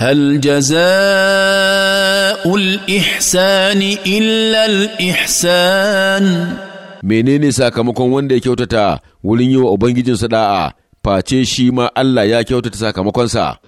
هل جزاء الإحسان إلا الإحسان menene sakamakon wanda ya kyautata wurin yi wa Ubangijinsa da'a face shi ma Allah ya kyautata sakamakonsa.